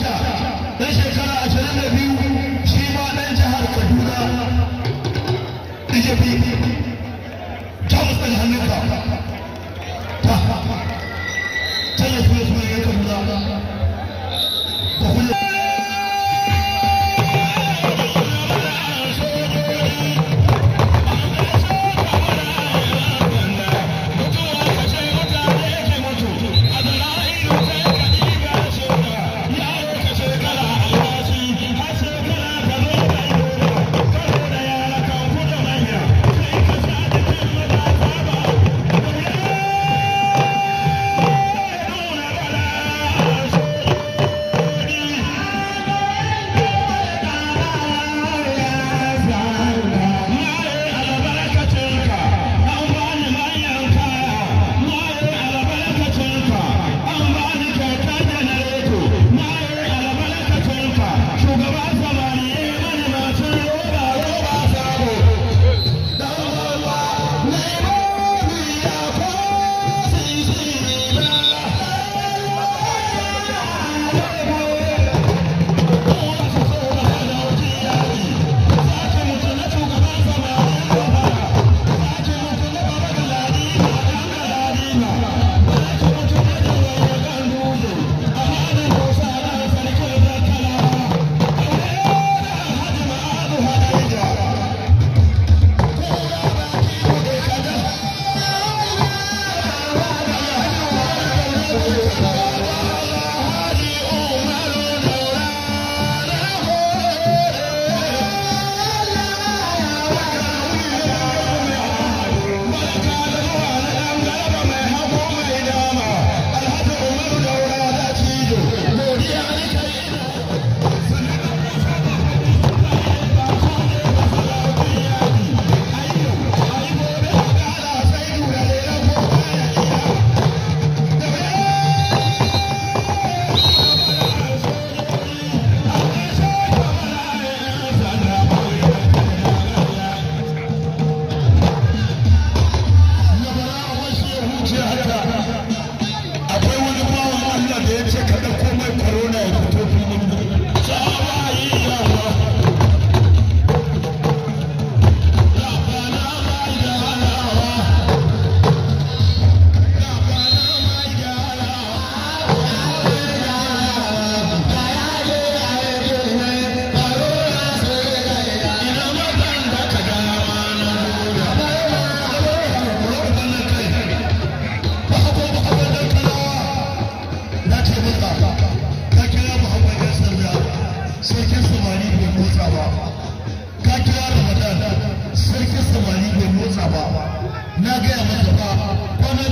danta na shekara ashirin da biyu shi ma ɗan jihar kaduna djp jamus ɗan hannunka ta Amen.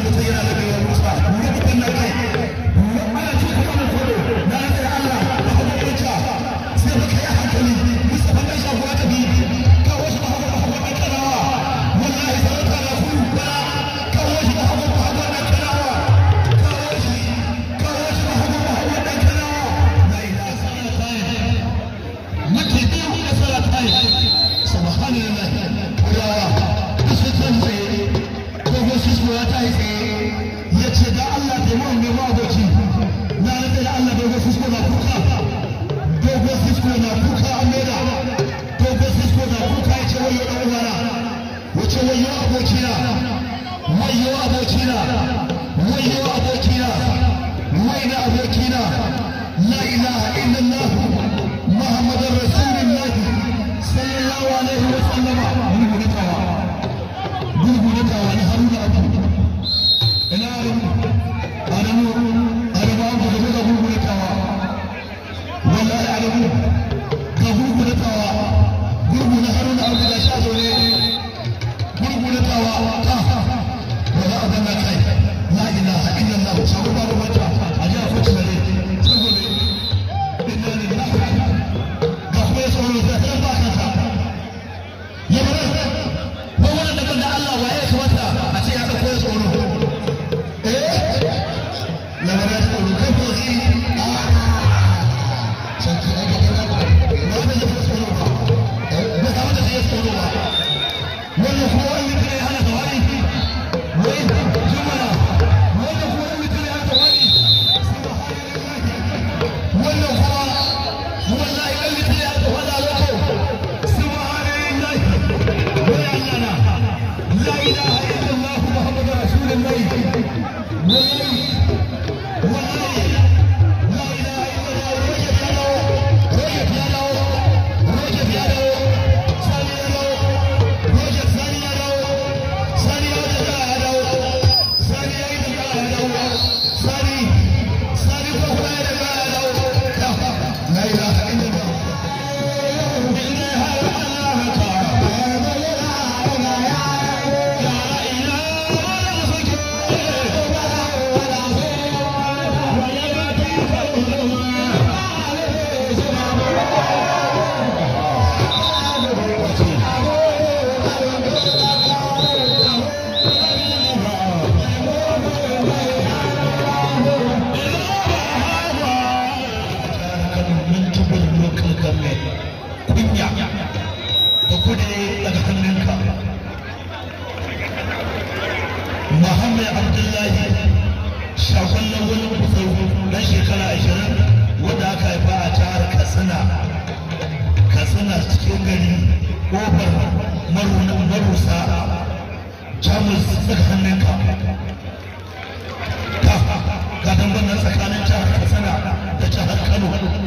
Thank you. मरु मरुन मरुसा जामुल सखाने का कदम बना सखाने चाह सना तचाह खनु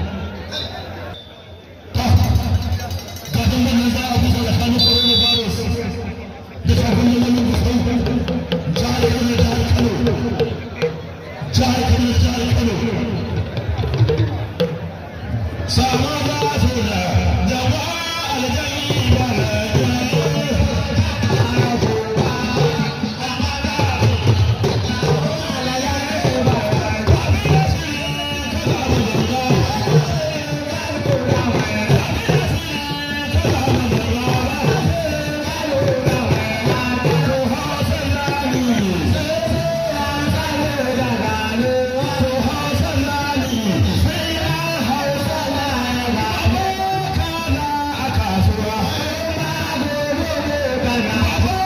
Bye-bye.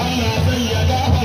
I'm not the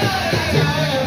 Yeah, la la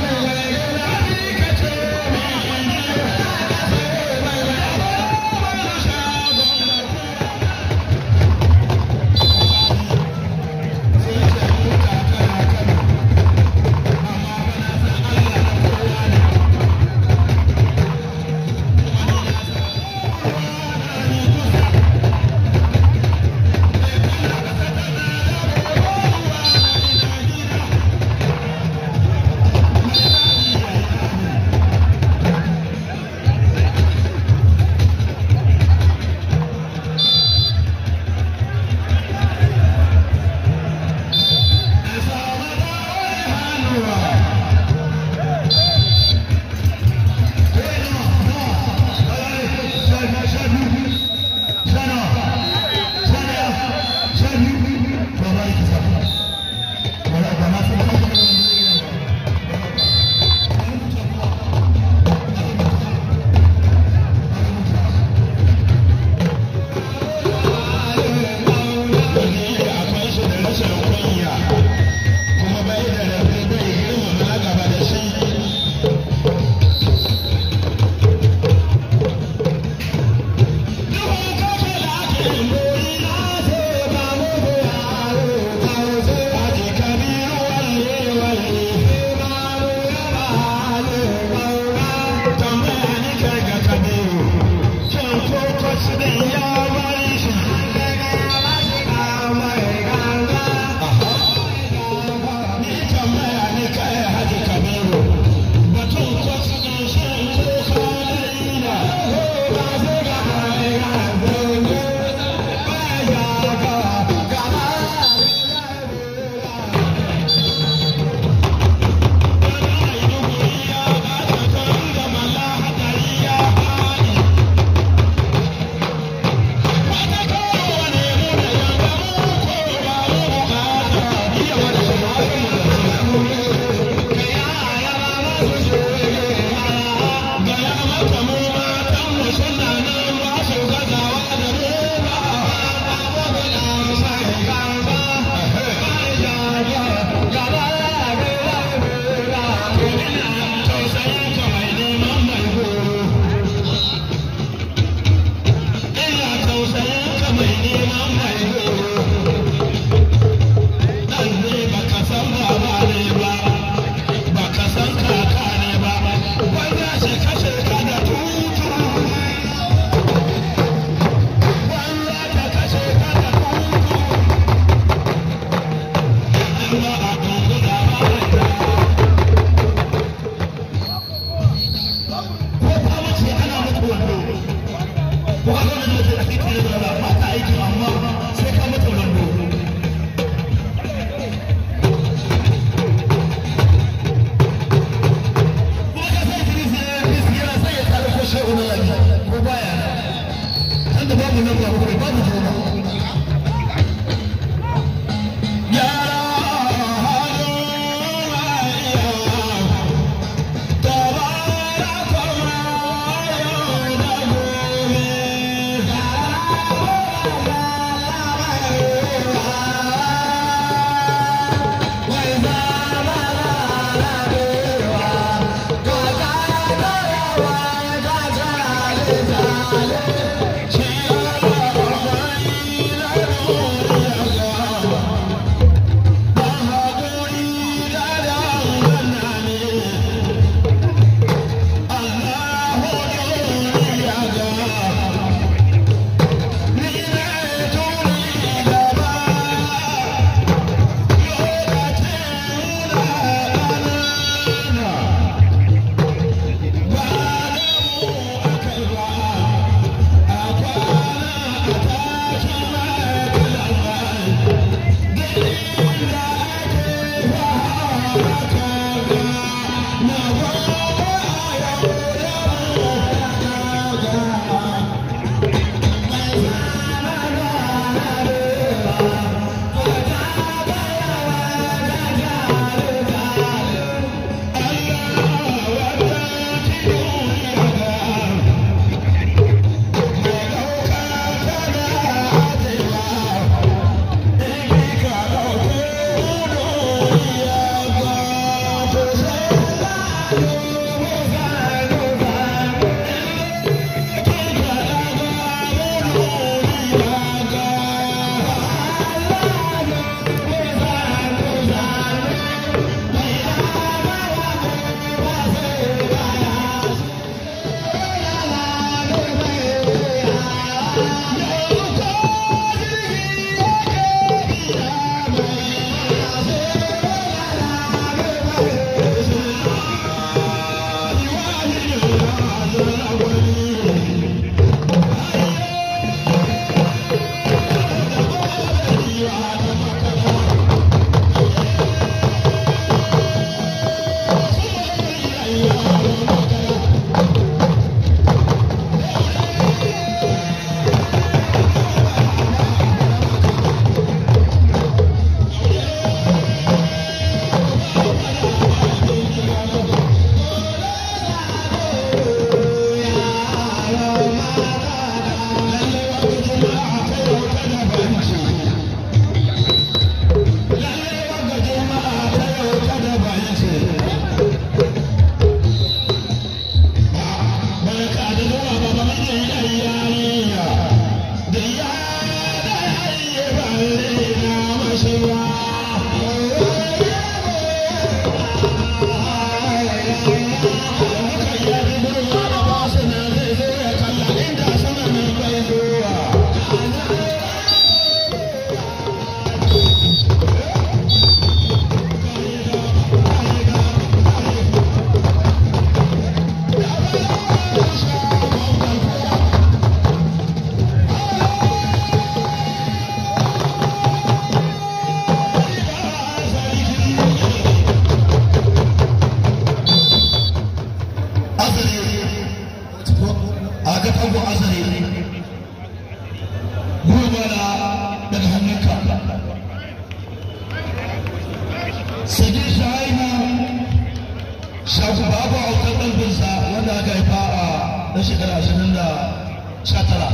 chatara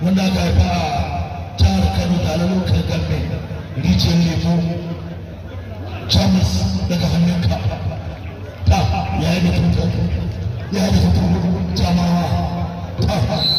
wanda ga ba tar kanu da lalo ka gambe rijin ne ko chamus daga hannun ka ta yayi da tuntun yayi da tuntun jama'a ta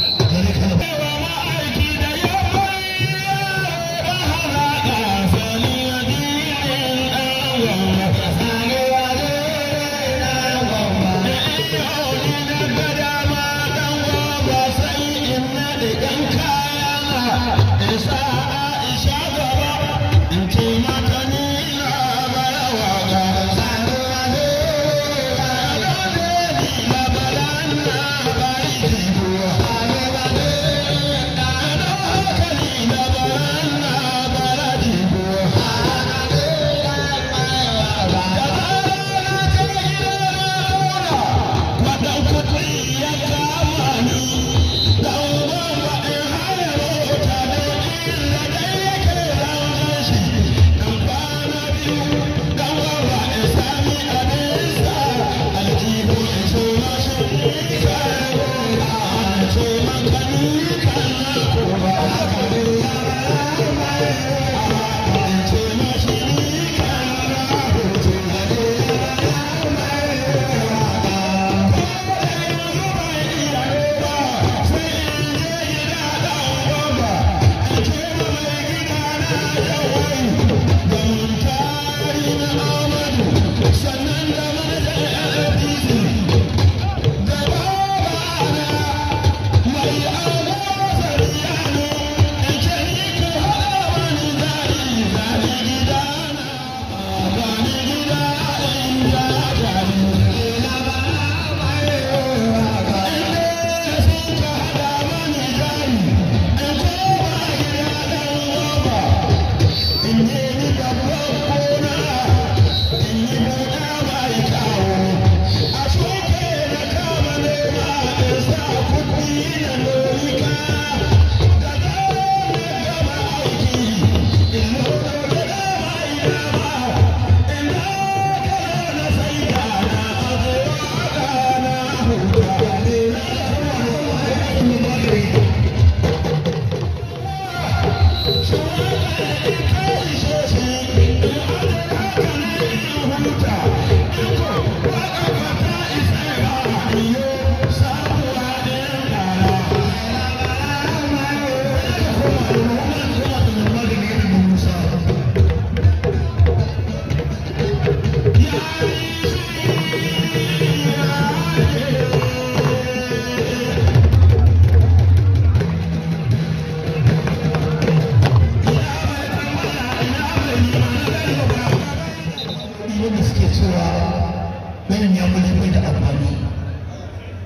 wannan ya fi lalle da amfani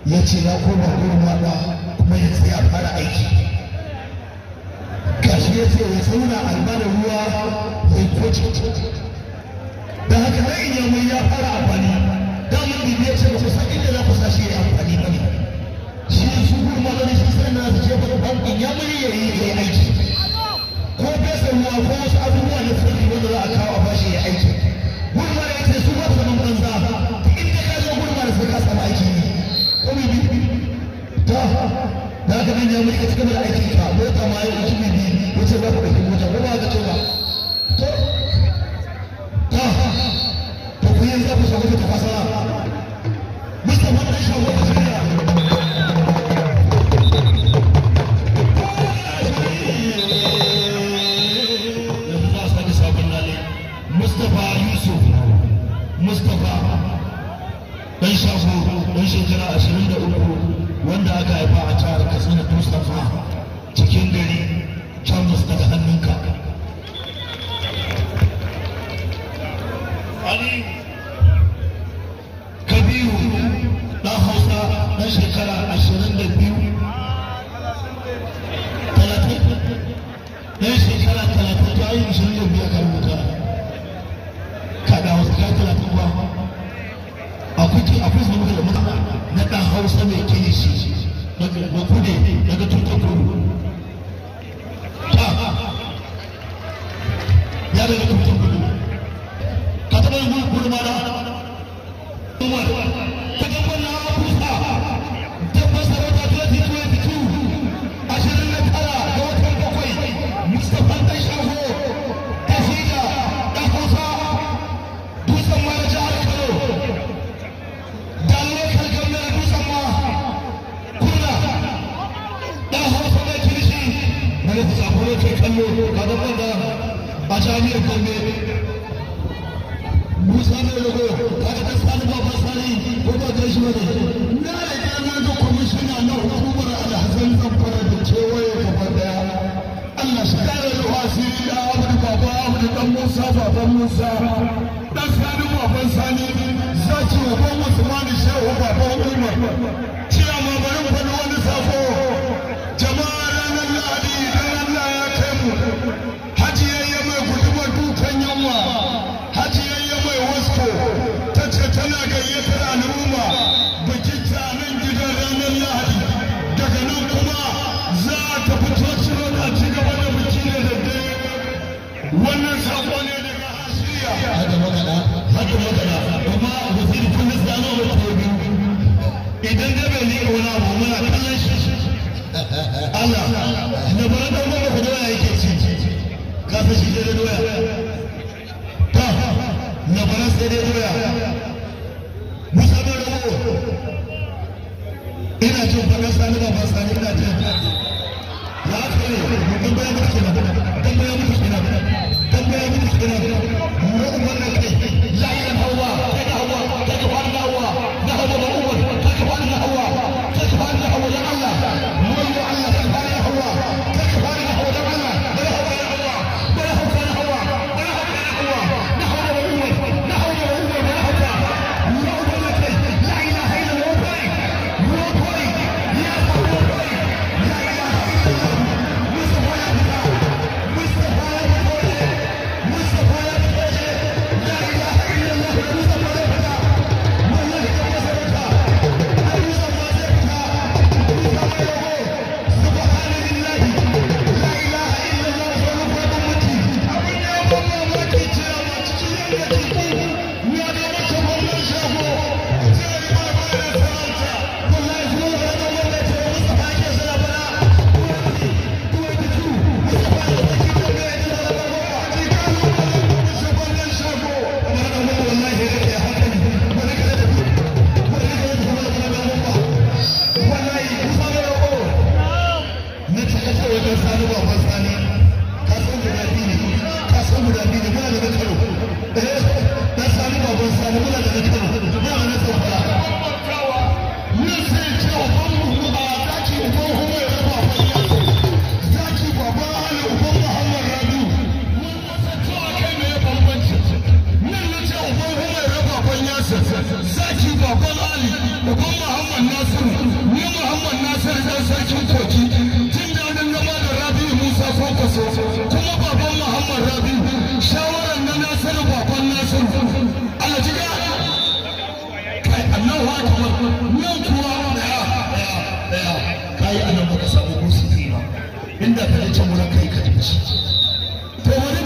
ya ce ya koma gurin waɗa kuma ya tsaya fara aiki gashi ya ce ya zauna albada ruwa ya kwace da haka rai ya mai ya fara amfani damar bibi ya ce ba ku san inda za ku sa shi ya amfani ba ne shi ne su gurin waɗa ne shi sanar na su ce ba bankin ya mai ya yi aiki ko fesa ruwa ko wasu abubuwa na sirri wanda za a kawo a bashi ya aiki gurin waɗa ya ce su ba su zaman banza ta da aka nan ya mai ka cikin aikin ka mota ma yau ne mota ko ba ka ce ba ta ta ku yi zafi shago ta fasara هنت ساقولو تكلو هذا بدا أشامي كمي موسى نلقو هذا تسال بابا سالي بابا دشمني لا يتعلم دو كمشن أنا حكومة على حسن زبرة بتشوي كبدا الله شكر له أسير أبو بابا أبو موسى بابا موسى تسال بابا سالي زاتي بابا عثمان الشيخ بابا عمر شيخ ما بيوم بنو نسافو fashi da doya ta na baras da doya musa da rago ina cin fagas da ina ba sani ina cin ya aka yi mutum bayan mutu Allahu akbar nan anan baka samu kursi ba inda ka je can kai ka tafi to wani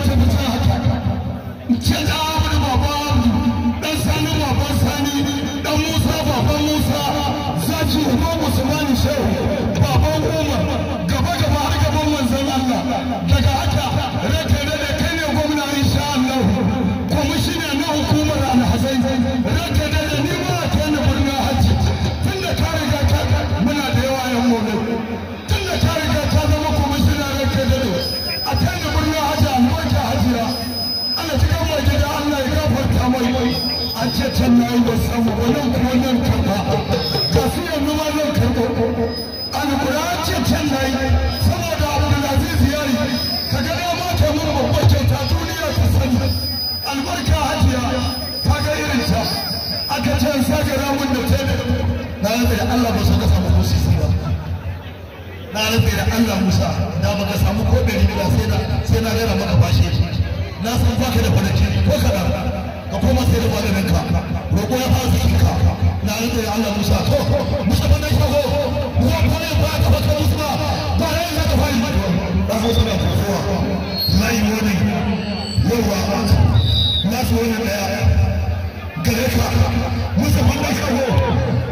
na rufe da Allah Musa da baka samu ko ɗari bila sai na sai na rera maka bashe na san baka da fadaci ko kada ka koma sai da maganin ka roƙo ya fara sakin ka na rufe da Allah Musa to Musa ban da shago Musa ko ne ba ka fata Musa ba rai za ka fari ba Musa da kowa mai wani yawa na so ne daya gare ka Musa ban da ko.